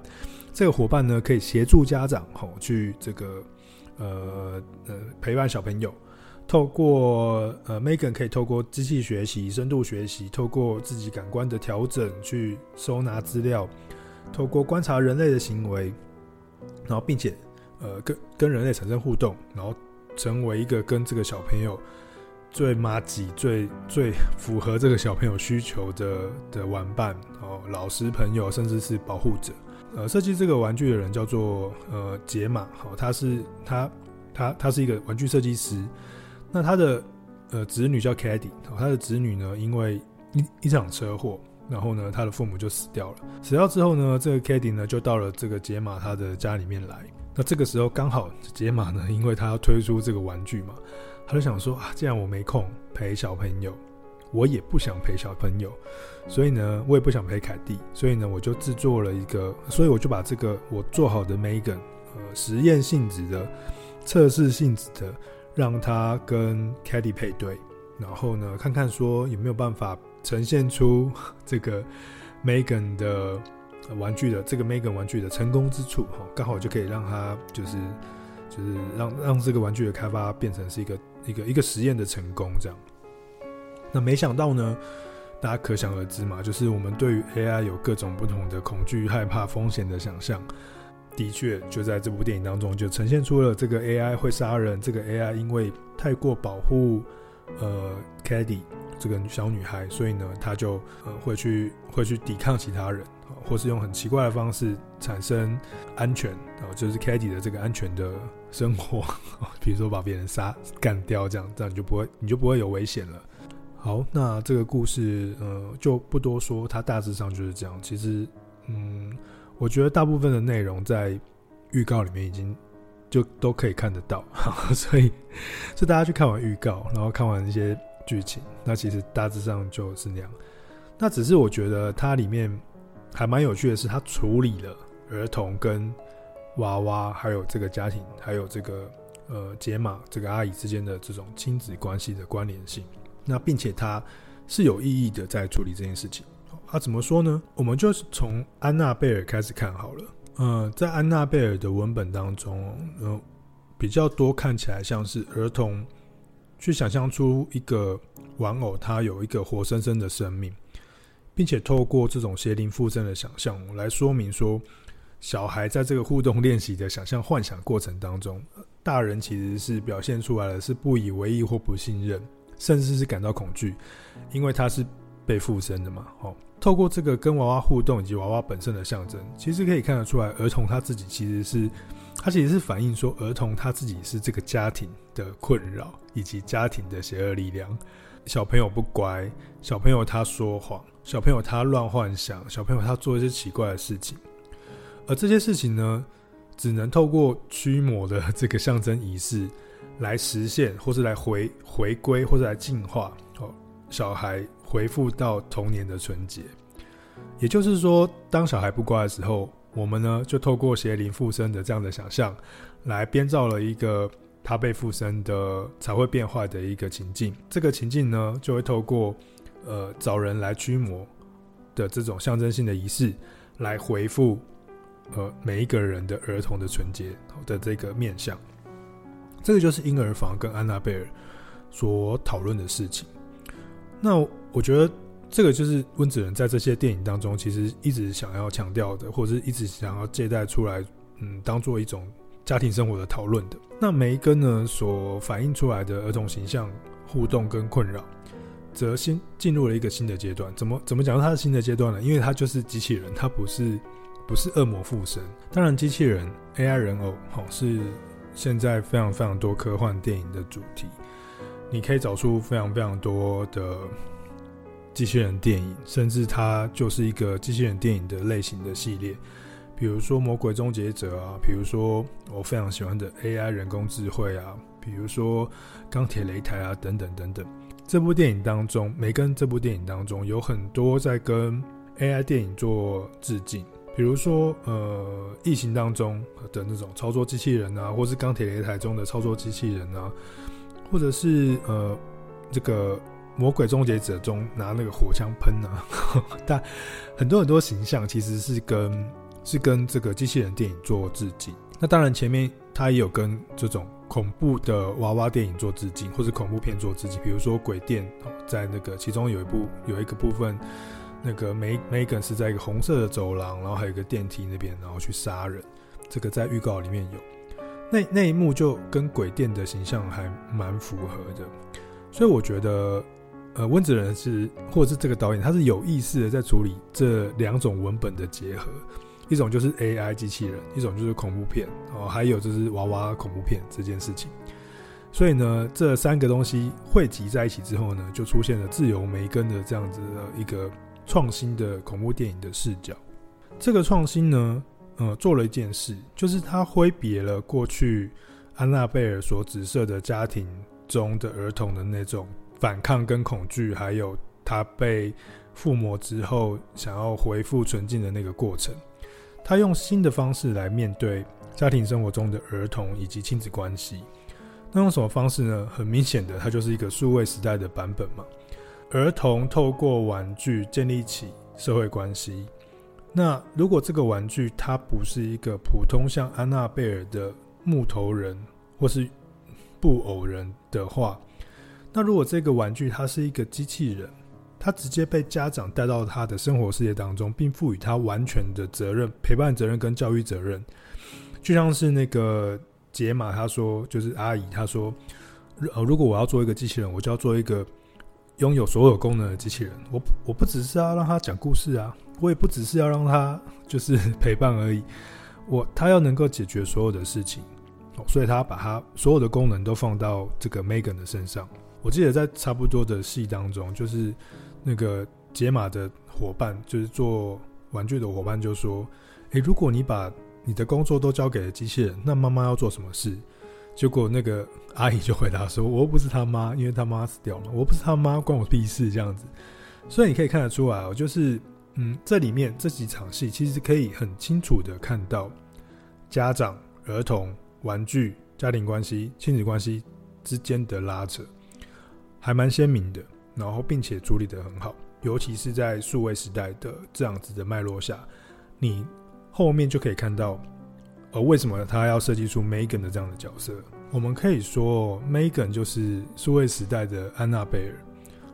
這個夥伴呢，可以協助家長吼去這個呃呃陪伴小朋友，透過呃 Megan 可以透過機器學習、深度學習，透過自己感官的調整去收納資料，透過觀察人類的行為，然後並且呃跟跟人類產生互動，然後成為一個跟這個小朋友最麻吉，最最符合這個小朋友需求的的玩伴哦，老師、朋友，甚至是保護者。呃，設計這個玩具的人叫做呃傑瑪。好、哦，他是他他他，他是一個玩具設計師。那他的呃子女叫凱蒂、哦、他的子女呢，因為一一場車禍，然後呢他的父母就死掉了。死掉之後呢，這個凱蒂呢就到了這個傑瑪他的家裡面來。那這個時候剛好傑瑪呢，因為他要推出這個玩具嘛，他就想說啊，既然我沒空陪小朋友。我也不想陪小朋友，所以呢，我也不想陪凱蒂，所以呢，我就製作了一個，所以我就把這個我做好的 Megan，呃，實驗性質的、測試性質的，讓它跟凱蒂配對，然後呢，看看說有沒有辦法呈現出這個 Megan 的玩具的這個 Megan 玩具的成功之處哈，剛好就可以讓它就是就是讓讓這個玩具的開發變成是一個一個一個實驗的成功這樣。那沒想到呢，大家可想而知嘛，就是我們對於 AI 有各種不同的恐懼、害怕、風險的想象，的確就在這部電影當中就呈現出了這個 AI 會殺人，這個 AI 因為太過保護呃 Cady 這個小女孩，所以呢，她就呃會去會去抵抗其他人，或是用很奇怪的方式產生安全啊，就是 Cady 的這個安全的生活，比如說把別人殺幹掉，這樣這樣你就不會你就不會有危險了。好，那這個故事，呃，就不多說，它大致上就是這樣。其實，嗯，我覺得大部分的內容在預告裡面已經就都可以看得到，好，所以，所以大家去看完預告，然後看完一些劇情，那其實大致上就是那樣。那只是我覺得它裡面還蠻有趣的是，它處理了兒童跟娃娃，還有這個家庭，還有這個呃潔瑪這個阿姨之間的這種親子關係的關聯性。那並且他是有意義的，在處理這件事情。啊，怎麼說呢？我們就從安娜貝爾開始看好了。呃，在安娜貝爾的文本當中，嗯、呃，比較多看起來像是兒童去想象出一個玩偶，它有一個活生生的生命，並且透過這種邪靈附身的想象來說明說，小孩在這個互動練習的想象幻想過程當中，大人其實是表現出來了是不以為意或不信任。甚至是感到恐懼，因為他是被附身的嘛，哦。透過這個跟娃娃互動以及娃娃本身的象徵，其實可以看得出來，兒童他自己其實是，他其實是反映說，兒童他自己是這個家庭的困擾以及家庭的邪惡力量。小朋友不乖，小朋友他說謊，小朋友他亂幻想，小朋友他做一些奇怪的事情，而這些事情呢，只能透過驅魔的這個象徵儀式。來實現，或是來回回歸，或是來淨化哦，小孩回復到童年的純潔。也就是說，當小孩不乖的時候，我們呢就透過邪靈附身的這樣的想象，來編造了一個他被附身的才會變壞的一個情境。這個情境呢，就會透過呃找人來驅魔的這種象徵性的儀式，來回復呃每一個人的兒童的純潔的這個面向。這個就是嬰兒房跟安娜貝爾所討論的事情那。那我覺得這個就是溫子仁在這些電影當中，其實一直想要強調的，或者是一直想要借代出來，嗯，當做一種家庭生活的討論的那每一。那梅根呢所反映出來的兒童形象互動跟困擾，則新進入了一個新的階段。怎麼怎麼講到它的新的階段呢？因為它就是機器人，它不是不是惡魔附身。當然，機器人 AI 人偶哈、哦、是。現在非常非常多科幻電影的主題，你可以找出非常非常多的機器人電影，甚至它就是一個機器人電影的類型的系列，比如說《魔鬼終結者》啊，比如說我非常喜歡的 AI 人工智慧啊，比如說《鋼鐵擂台》啊等等等等。這部電影當中，梅根這部電影當中有很多在跟 AI 電影做致敬。比如說，呃，異形當中的那種操作機器人啊，或是鋼鐵擂台中的操作機器人啊，或者是呃，這個魔鬼終結者中拿那個火槍噴啊呵呵，但很多很多形象其實是跟是跟這個機器人電影做致敬。那當然前面他也有跟這種恐怖的娃娃電影做致敬，或是恐怖片做致敬。比如說鬼店在那個其中有一部有一個部分。那個梅梅根是在一個紅色的走廊，然後還有一個電梯那邊，然後去殺人。這個在預告裡面有，那那一幕就跟鬼店的形象還蠻符合的。所以我覺得，呃，溫子仁是或者是這個導演，他是有意識的在處理這兩種文本的結合，一種就是 AI 機器人，一種就是恐怖片，哦，還有就是娃娃恐怖片這件事情。所以呢，這三個東西匯集在一起之後呢，就出現了窒友梅根的這樣子的一個，創新的恐怖電影的視角，這個創新呢，呃，做了一件事，就是他揮別了過去安娜貝爾所指涉的家庭中的兒童的那種反抗跟恐懼，還有他被附魔之後想要恢復純淨的那個過程。他用新的方式來面對家庭生活中的兒童以及親子關係。那用什麼方式呢？很明顯的，它就是一個數位時代的版本嘛。兒童透過玩具建立起社會關係。那如果這個玩具它不是一個普通像安娜貝爾的木頭人，或是布偶人的話，那如果這個玩具它是一個機器人，它直接被家長帶到他的生活世界當中，並賦予他完全的責任、陪伴責任跟教育責任。就像是那個傑瑪他說，就是阿姨他說，呃，如果我要做一個機器人，我就要做一個。擁有所有功能的機器人，我我不只是要讓他講故事啊，我也不只是要讓他就是陪伴而已，我他要能夠解決所有的事情，所以他把他所有的功能都放到這個 Megan 的身上。我記得在差不多的戲當中，就是那個解碼的夥伴，就是做玩具的夥伴就說：“誒，如果你把你的工作都交給了機器人，那媽媽要做什麼事？”結果那個阿姨就回答說：“我又不是他媽，因為他媽死掉了，我又不是他媽，關我屁事。”這樣子，所以你可以看得出來，哦，就是嗯，這裡面這幾場戲其實可以很清楚的看到家長、兒童、玩具、家庭關係、親子關係之間的拉扯，還蠻鮮明的。然後，並且處理的很好，尤其是在數位時代的這樣子的脈絡下，你後面就可以看到。而為什麼他要設計出 Megan 的這樣的角色？我們可以說，Megan 就是數位時代的安娜貝爾。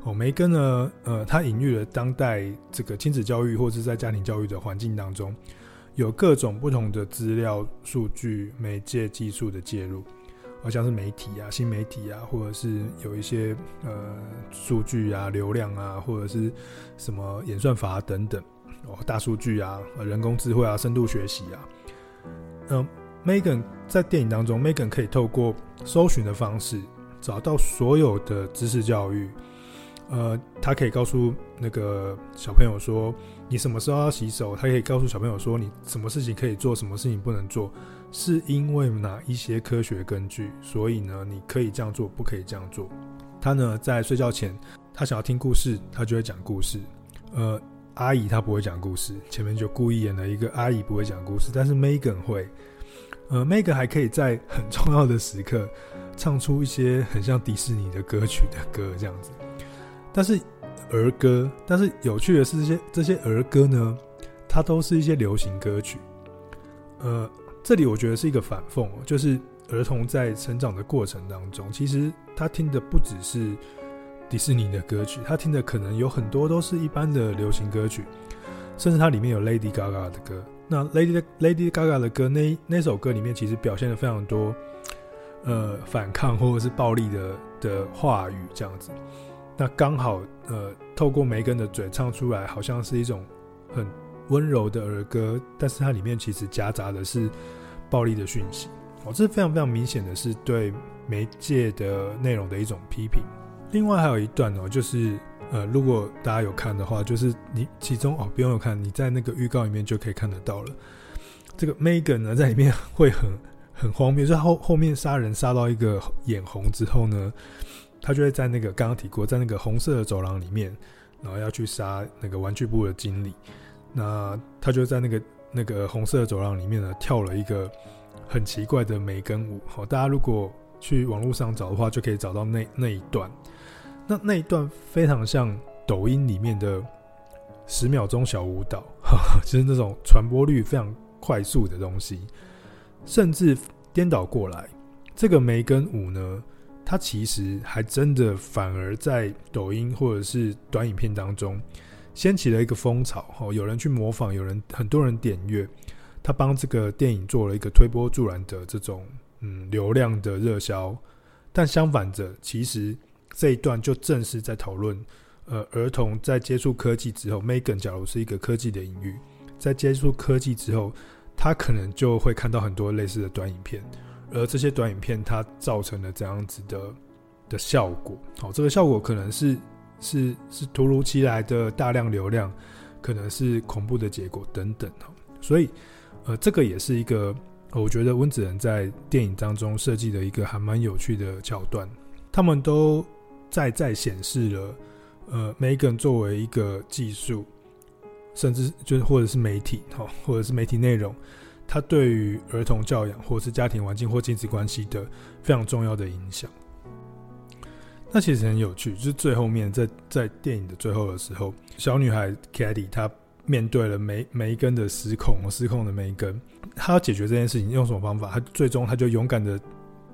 哦，Megan 呢，呃，它隱喻了當代這個親子教育或者在家庭教育的環境當中，有各種不同的資料、數據、媒介技術的介入，好、哦、像是媒體啊、新媒體啊，或者是有一些呃數據啊、流量啊，或者是什麼演算法等等，哦，大數據啊、人工智慧啊、深度學習啊。嗯，Megan 在電影當中，Megan 可以透過搜尋的方式找到所有的知識教育。呃，他可以告訴那個小朋友說，你什麼時候要洗手？他可以告訴小朋友說，你什麼事情可以做，什麼事情不能做，是因為哪一些科學根據？所以呢，你可以這樣做，不可以這樣做。他呢，在睡覺前，他想要聽故事，他就會講故事。呃。阿姨她不會講故事，前面就故意演了一個阿姨不會講故事，但是 Megan 會，呃，Megan 還可以在很重要的時刻唱出一些很像迪士尼的歌曲的歌這樣子。但是兒歌，但是有趣的是，這些這些兒歌呢，它都是一些流行歌曲。呃，這裡我覺得是一個反諷喔，就是兒童在成長的過程當中，其實他聽的不只是。迪士尼的歌曲，他聽的可能有很多都是一般的流行歌曲，甚至它裡面有 Lady Gaga 的歌。那 Lady Lady Gaga 的歌，那那首歌裡面其實表現了非常多，呃，反抗或者是暴力的的話語這樣子。那剛好，呃，透過梅根的嘴唱出來，好像是一種很溫柔的兒歌，但是它裡面其實夾雜的是暴力的訊息。哦，這是非常非常明顯的是對媒介的內容的一種批評。另外還有一段哦，就是呃，如果大家有看的話，就是你其中哦，不用有看，你在那個預告裡面就可以看得到了。這個 Megan 呢，在裡面會很很荒謬，就是後後面殺人殺到一個眼紅之後呢，他就會在那個剛剛提過，在那個紅色的走廊裡面，然後要去殺那個玩具部的經理。那他就在那個那個紅色的走廊裡面呢，跳了一個很奇怪的 Megan 舞。好、哦，大家如果去網絡上找的話，就可以找到那那一段。那那一段非常像抖音裡面的十秒鐘小舞蹈呵呵，就是那種傳播率非常快速的東西。甚至顛倒過來，這個梅根舞呢，它其實還真的反而在抖音或者是短影片當中掀起了一個風潮。喔，有人去模仿，有人很多人點閱，他幫這個電影做了一個推波助瀾的這種嗯流量的熱銷。但相反的，其實。這一段就正式在討論，呃，兒童在接觸科技之後，Megan 假如是一個科技的隱喻，在接觸科技之後，他可能就會看到很多類似的短影片，而這些短影片它造成了這樣子的的效果。好、哦，這個效果可能是是是突如其來的大量流量，可能是恐怖的結果等等。所以，呃，這個也是一個我覺得溫子仁在電影當中設計的一個還蠻有趣的橋段，他們都。再再顯示了，呃，梅根作為一個技術，甚至就是或者是媒體哈、哦，或者是媒體內容，它對於兒童教養或是家庭環境或親子關係的非常重要的影響。那其實很有趣，就是最後面在在電影的最後的時候，小女孩 Cady 她面對了梅梅根的失控，失控的梅根，她要解決這件事情用什麼方法？她最終她就勇敢的。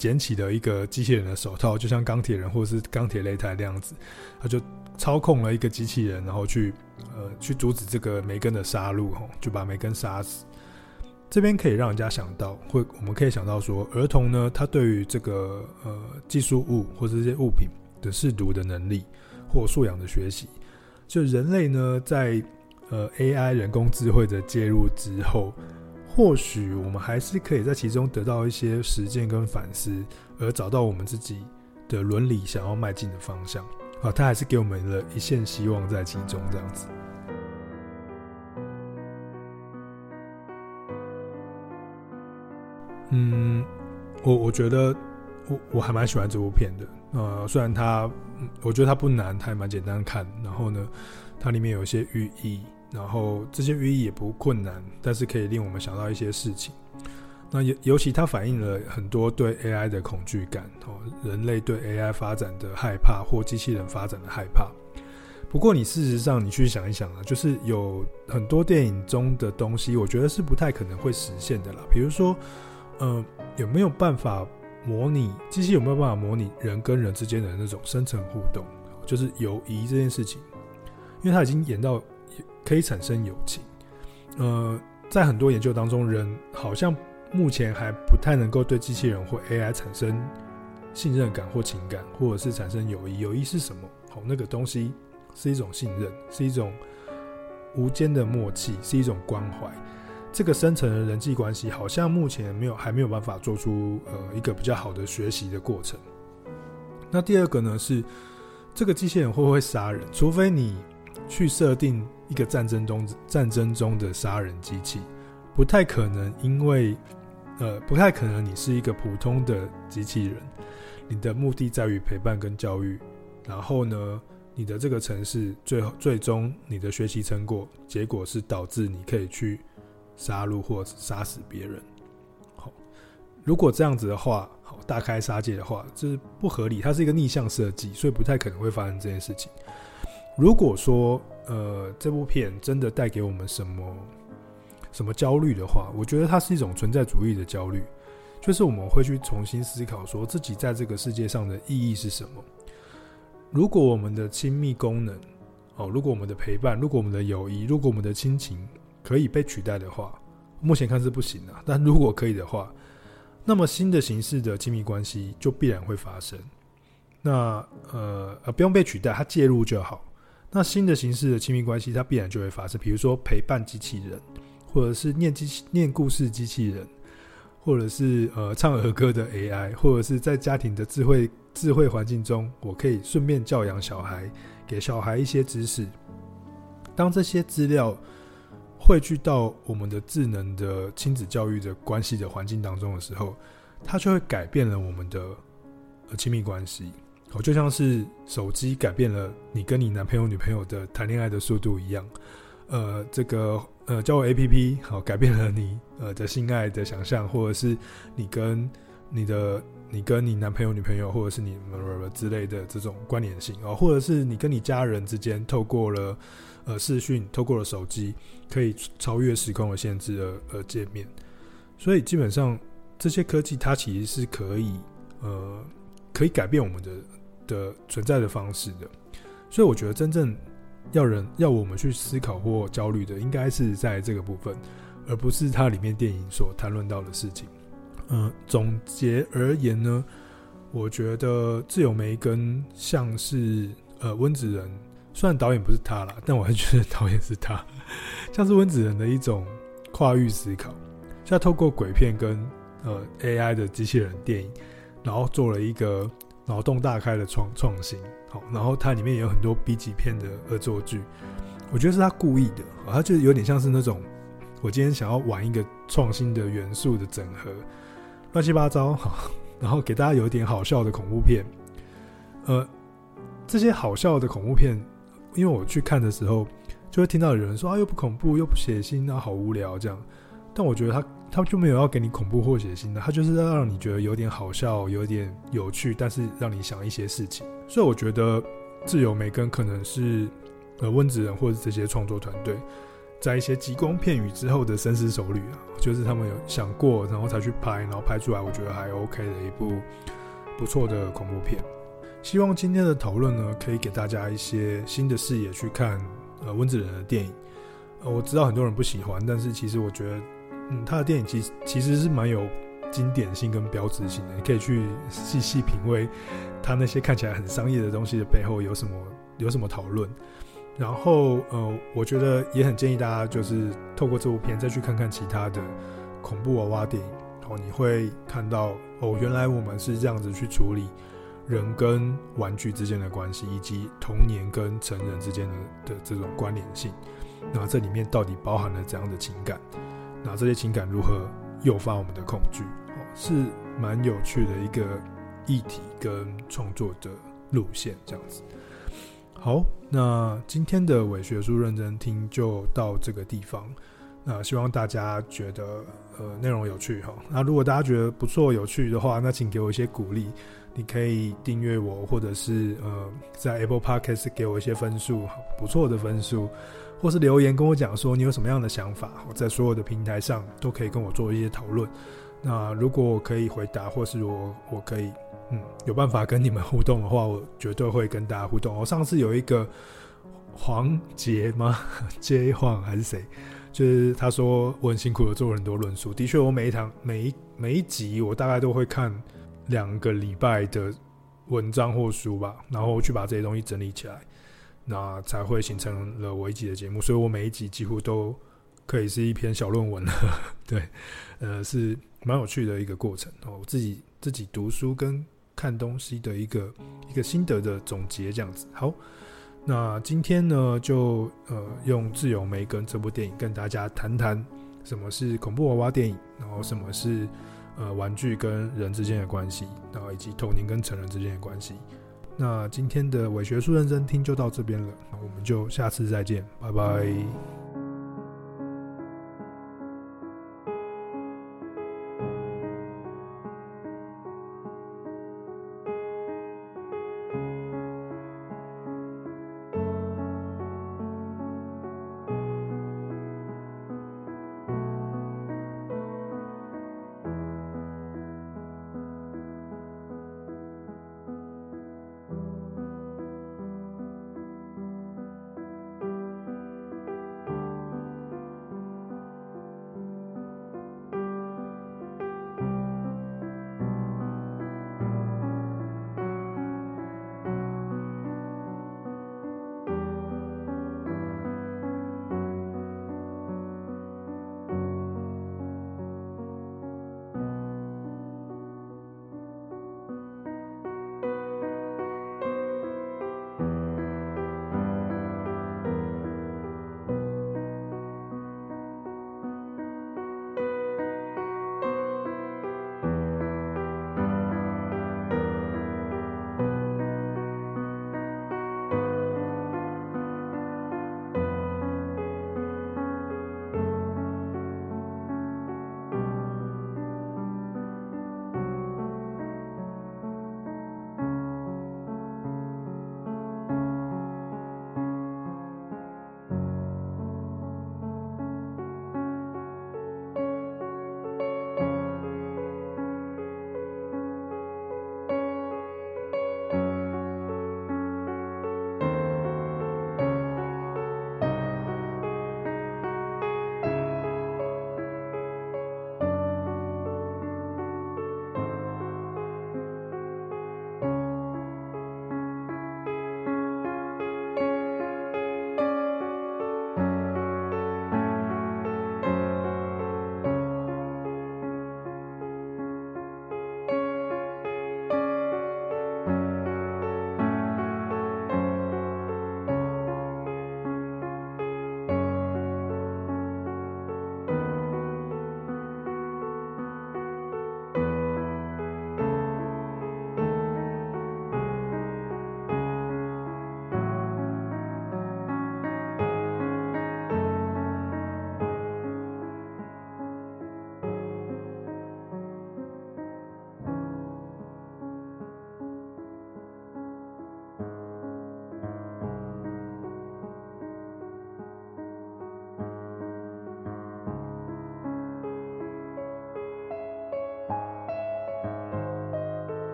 撿起的一個機器人的手套，就像鋼鐵人或者是鋼鐵擂台那樣子，他就操控了一個機器人，然後去呃去阻止這個梅根的殺戮，吼、哦，就把梅根殺死。這邊可以讓人家想到，會我們可以想到說，兒童呢，他對於這個呃技術物或者這些物品的識讀的能力或素養的學習，就人類呢在呃 AI 人工智慧的介入之後。或許我們還是可以在其中得到一些實踐跟反思，而找到我們自己的倫理想要邁進的方向。啊，它還是給我們了一線希望在其中這樣子。嗯，我我覺得我我還蠻喜歡這部片的。呃，雖然它，我覺得它不難，它還蠻簡單看。然後呢，它裡面有一些寓意。然後這些寓意也不困難，但是可以令我們想到一些事情。那尤尤其它反映了很多對 AI 的恐懼感哦，人類對 AI 發展的害怕或機器人發展的害怕。不過你事實上你去想一想啊，就是有很多電影中的東西，我覺得是不太可能會實現的啦。比如說，嗯、呃，有沒有辦法模擬機器？有沒有辦法模擬人跟人之間的那種深層互動，就是友誼這件事情？因為它已經演到。可以產生友情，呃，在很多研究當中，人好像目前還不太能夠對機器人或 AI 產生信任感或情感，或者是產生友誼。友誼是什麼？好，那個東西是一種信任，是一種無間的默契，是一種關懷。這個深層的人際關係，好像目前沒有，還沒有辦法做出呃一個比較好的學習的過程。那第二個呢，是這個機器人會不會殺人？除非你去設定。一個戰爭中戰爭中的殺人機器，不太可能，因為呃，不太可能你是一個普通的機器人，你的目的在於陪伴跟教育，然後呢，你的這個城市最後最終你的學習成果結果是導致你可以去殺戮或者殺死別人。好，如果這樣子的話，好大開殺戒的話，這、就是不合理，它是一個逆向設計，所以不太可能會發生這件事情。如果說呃這部片真的帶給我們什麼什麼焦慮的話，我覺得它是一種存在主義的焦慮，就是我們會去重新思考說自己在這個世界上的意義是什麼。如果我們的親密功能，哦，如果我們的陪伴，如果我們的友誼，如果我們的親情可以被取代的話，目前看是不行的，但如果可以的話，那麼新的形式的親密關係就必然會發生。那呃呃不用被取代，它介入就好。那新的形式的親密關係，它必然就會發生。比如說陪伴機器人，或者是念機器念故事機器人，或者是呃唱兒歌的 AI，或者是在家庭的智慧智慧環境中，我可以順便教養小孩，給小孩一些知識。當這些資料匯聚到我們的智能的親子教育的關係的環境當中的時候，它就會改變了我們的親密關係。就像是手機改變了你跟你男朋友、女朋友的談戀愛的速度一樣，呃，這個呃交友 APP 好改變了你呃的心愛的想象，或者是你跟你的、你跟你男朋友、女朋友，或者是你們之類的這種關聯性哦，或者是你跟你家人之間透過了呃視訊、透過了手機，可以超越時空的限制的界面。所以基本上這些科技它其實是可以呃可以改變我們的。的存在的方式的，所以我覺得真正要人要我們去思考或焦慮的，應該是在這個部分，而不是它裡面電影所談論到的事情、呃。嗯，總結而言呢，我覺得《窒友梅根》像是呃溫子仁，雖然導演不是他啦，但我還是覺得導演是他，像是溫子仁的一種跨域思考，像透過鬼片跟呃 AI 的機器人電影，然後做了一個。腦洞大開的創創新，好，然後它裡面也有很多 B 級片的惡作劇，我覺得是他故意的，他就有點像是那種，我今天想要玩一個創新的元素的整合，亂七八糟，好，然後給大家有一點好笑的恐怖片，呃，這些好笑的恐怖片，因為我去看的時候，就會聽到有人說啊，又不恐怖，又不血腥啊，好無聊這樣。但我覺得他，他就沒有要給你恐怖或血腥的，他就是要讓你覺得有點好笑，有點有趣，但是讓你想一些事情。所以我覺得《窒友梅根》可能是呃溫子仁或者這些創作團隊在一些極光片語之後的深思熟慮啊，就是他們有想過，然後才去拍，然後拍出來，我覺得還 OK 的一部不錯的恐怖片。希望今天的討論呢，可以給大家一些新的視野去看呃溫子仁的電影。呃，我知道很多人不喜歡，但是其實我覺得。嗯，他的電影其實其實是蠻有經典性跟標誌性的，你可以去細細品味他那些看起來很商業的東西的背後有什麼有什麼討論。然後，呃，我覺得也很建議大家就是透過這部片再去看看其他的恐怖娃娃電影，然後你會看到哦，原來我們是這樣子去處理人跟玩具之間的關係，以及童年跟成人之間的的這種關聯性。那這裡面到底包含了怎樣的情感？那這些情感如何誘發我們的恐懼，是蠻有趣的一個議題跟創作的路線這樣子。好，那今天的偽學術認真聽就到這個地方。那希望大家覺得呃內容有趣哈。那如果大家覺得不錯有趣的話，那請給我一些鼓勵。你可以訂閱我，或者是呃在 Apple Podcast 給我一些分數，不錯的分數。或是留言跟我講說你有什麼樣的想法，我在所有的平台上都可以跟我做一些討論。那如果我可以回答，或是我我可以，嗯，有辦法跟你們互動的話，我絕對會跟大家互動。我、哦、上次有一個黃傑嗎？傑黃還是誰？就是他說我很辛苦的做了很多論述，的確，我每一堂每一每一集，我大概都會看兩個禮拜的文章或書吧，然後去把這些東西整理起來。那才會形成了我一集的節目，所以我每一集幾乎都可以是一篇小論文了。對，呃，是蠻有趣的一個過程。哦，我自己自己讀書跟看東西的一個一個心得的總結，這樣子。好，那今天呢，就呃用《窒友梅根》這部電影跟大家談談什麼是恐怖娃娃電影，然後什麼是呃玩具跟人之間的關係，然後以及童年跟成人之間的關係。那今天的偽學術認真聽就到這邊了，那我們就下次再見，拜拜。